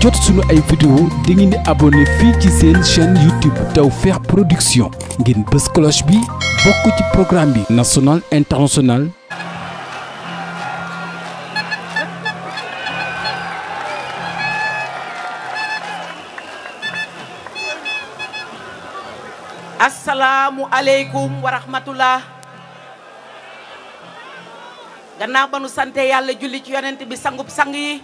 jot suñu ay vidéo da ngeen di abonné fii ci seen chaîne YouTube Tawfekh Production ngeen bës cloche bi bokk ci programme bi national international asalaamu aleykum wa rahmatullah gannaaw ba nu sante yàlla julli ci yonent bi sangub sang yi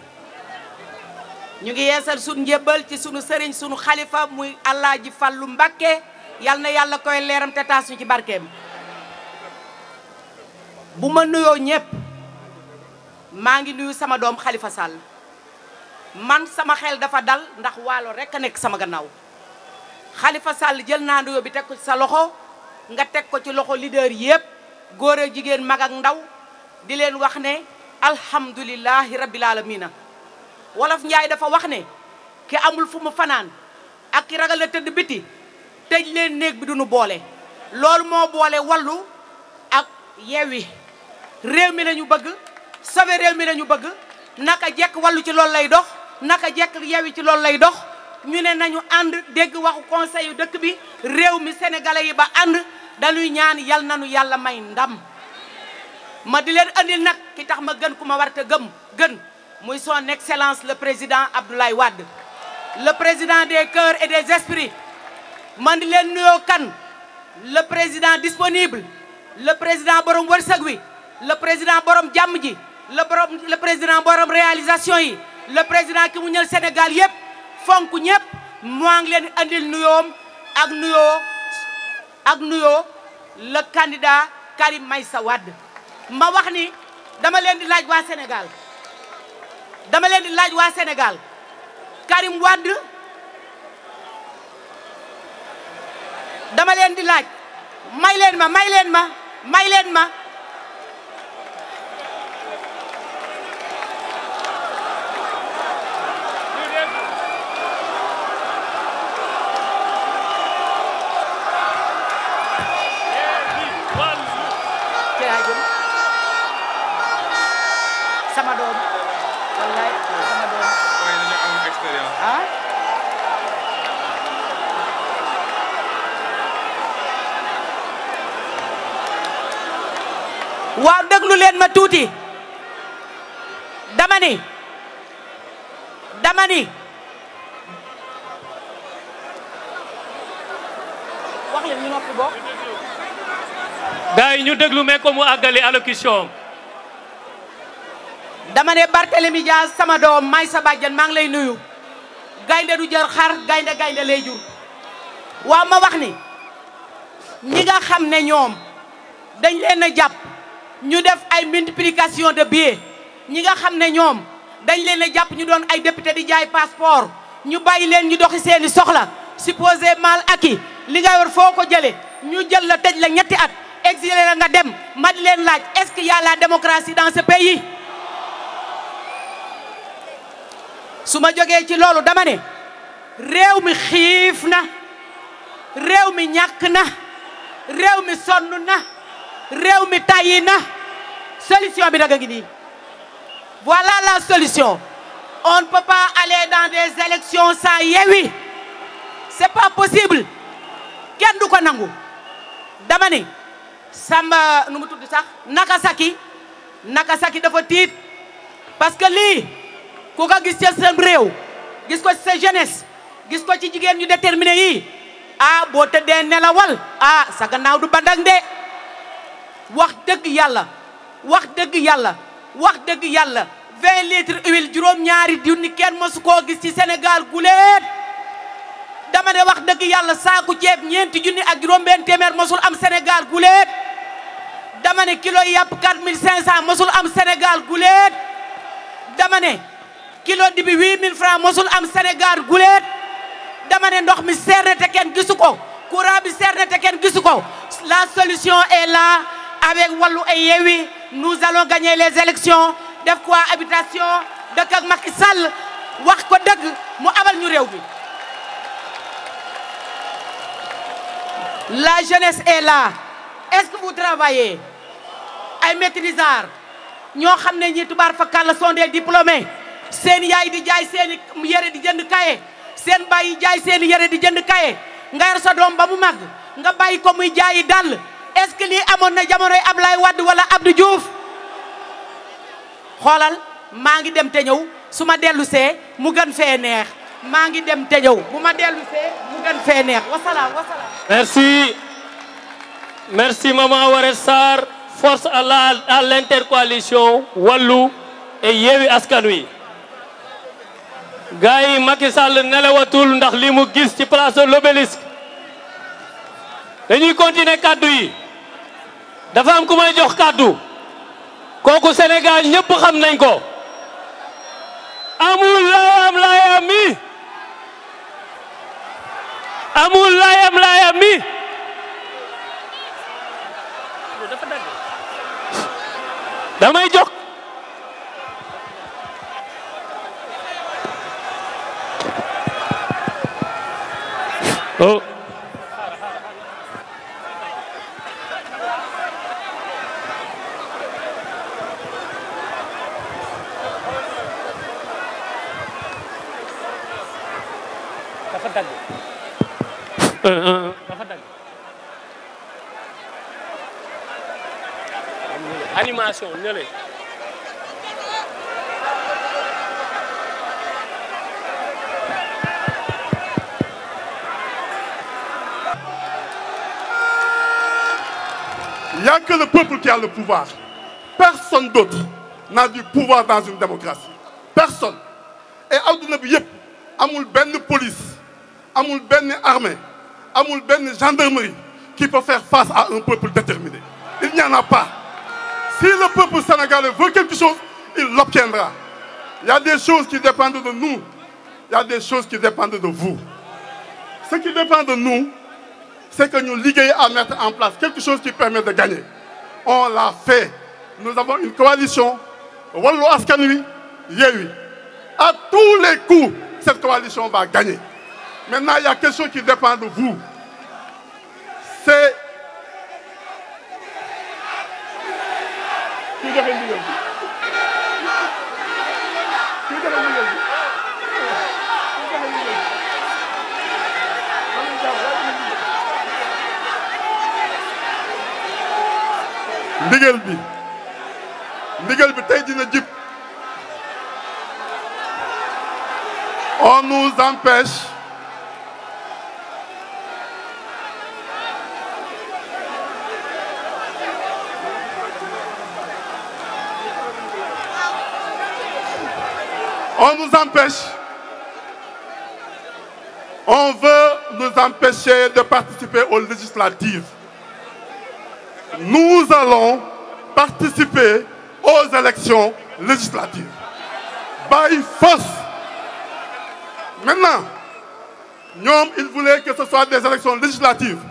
ñu ngi yeesal suñu njébbal ci sunu sëriñ sunu xalifa muy ji Fallu Mbakke yal na yàlla koy leeram te taas ñu ci barkeem bu ma nuyoo ñépp maa ngi nuyu sama doom Xalifa Sall man sama xel dafa dal ndax waalo rekk a nekk sama gannaaw Xalifa Sall jël naa nuyoo bi teg ko ci sa loxo nga teg ko ci loxo leader yépp góor ak jigéen mag ak ndaw di leen wax ne alhamdulillahi rabbil alamina wolof njaay dafa wax ne ki amul fu mu fanaan ak ki ragal na tëdd biti tëj leen néeg bi du nu boole loolu moo boole wallu ak yewwi réew mi lañu bëgg sauvé réew mi lañu bëgg naka jekk wallu ci loolu lay dox naka jekk yewwi ci loolu lay dox ñu ne nañu ànd dégg waxu conseil dëkk bi réew mi sénégalais yi ba ànd dañuy ñaan yal nañu yàlla may ndam ma di leen andil nag ki tax ma gën ku ma war te gëm gën muy son excellence le président Abdoulaye Wade le président des cœurs et des esprits man di leen kan le président disponible le président borom wërsëg wi le président borom jàmm ji le borom le président borom réalisation yi le président ki mu ñël Sénégal yëpp fonk ñëpp maa ngi leen andil nuyoom ak nuyoo ak nuyoo le candidat Karim Meïssa Wade ma wax ni dama leen di laaj waa Sénégal dama leen di laaj waa Sénégal Karim Wade dama leen di laaj may leen ma may leen ma may leen ma waaw déglu ma tuuti dama ni dama ni wax leen ñu noppi bokk gars yi ñu ko mu àggale allocution dama ne Barthélemy Dias sama doom may sa bàjjan maa ngi lay nuyu gaynde du jër xar gaynde gaynde lay jur waaw ma wax ni ñi nga xam ne ñoom dañ leen a jàpp ñu def ay multiplication de billets ñi nga xam ne ñoom dañ leen jàpp ñu doon ay député di jaay passeport ñu bàyyi leen ñu doxi seeni soxla supposé mal acquis li nga war foo ko jëlee ñu jël la tej la ñetti at exilé nga dem ma leen laaj est-ce qu'il y a la démocratie dans ce pays su ma jógee ci loolu dama ne réew mi xiif na réew mi ñàkk na réew mi sonn na réew mi tàyyi na solution bi nag a ngi nii voilà la solution on ne peut pas aller dans des élections sans Yewwi possible kenn du ko nangu dama ni Samba nu mu tudd sax Nakasaki Nakasaki dafa tiit parce que lii ku ko gis ca seen réew gis ko ci sa gis ko ci jigéen ñu déterminé yi ah boo tëddee nelawal ah sa gannaaw du bandak de wax dëgg yàlla wax dëgg yàlla wax dëgg yàlla vingt litres huile juróom ñaari junni kenn mësu koo gis ci Sénégal guleet dama ne wax dëgg yàlla saaku ceeb ñeenti junni ak juróom benn téeméer mësul am senegal guleet dama ne kilo yàpp 4500 mësul am Sénégal guleet dama ne kilo dibi 8000 francs mësul am senegal guleet dama ne ndox mi seer te kenn gisu ko courant bi seer na te kenn gisu ko la solution est là avec Wallu ay Yewi, nous allons gagner les def ko waa habitation dëkk ak Macky wax ko dëgg mu abal ñu réew bi la jeunesse est là est-ce que vous travaillez ay maîtrisards ñoo xam ne ñi tubaar fakal la sont des seen yaay di jaay seen i yére di jënd kaye seen baay yi jaay seen i di jënd kaye nga yar sa doom ba mu mag nga bàyyi ko muy jaayi dàll est-ce lii amoon na jamonoy Ablaye Wade wala Abdou Diouf xoolal maa ngi dem te su ma dellu mu gën fee neex maa ngi dem te bu ma dellu see mu fee neex wasalaam merci merci maman Waré Sarr force à la à l'intercoalition wàllu et yeewi askan wi. gars yi ndax li mu gis ci place de dañuy continuer kaddu dafa am ku may jox kàddu kooku Sénégal ñëpp xam nañ ko amul layam layam mi damay jox oh. animation ñële Il n'y a que le peuple qui a le pouvoir. Personne d'autre n'a du pouvoir dans une démocratie. Personne. Et adduna bi yëpp amul benn police amul benn armée amul benn gendarmerie qui peut faire face à un peuple déterminé il n'y en a pas si le peuple sénégalais veut quelque chose il l'obtiendra il y a des choses qui dépendent de nous il y a des choses qui dépendent de vous ce qui dépend de nous c'est que ñu liggéey à mettre en place quelque chose qui permet de gagner on l'a fait nous avons une coalition Wallu Askan Wi Yewwi à tous les coups cette coalition va gagner Maintenant, il y a quelque chose qui dépend de vous. C'est... ndigal bi ndigal bi tey dina jib on nous empêche On nous empêche. On veut nous empêcher de participer aux législatives. Nous allons participer aux élections législatives. By force. Maintenant, ñoom il voulait que ce soit des élections législatives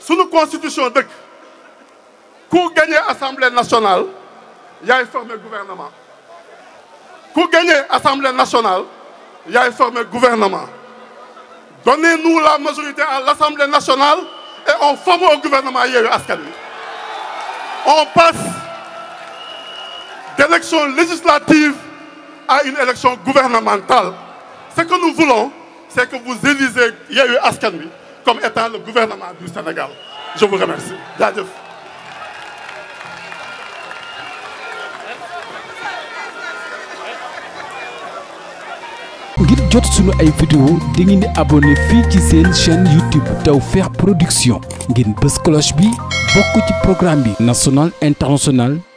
suñu constitution dëkk ku gagné assemblée nationale yaay formé gouvernement pour gagné assemblée nationale yaay former gouvernement donnez-nous la majorité à l'assemblée nationale et on forme au gouvernement Yewwi Askan Wi on passe d'élection législative à une élection gouvernementale ce que nous voulons c'est que vous élisez Yewwi Askan Wi comme étant le gouvernement du Sénégal je vous remercie ngir jot suñu ay vidéo di ngeen di abonné fii ci seen chaîne YouTube feex Production ngir bés cloche bi bokk ci programme bi national international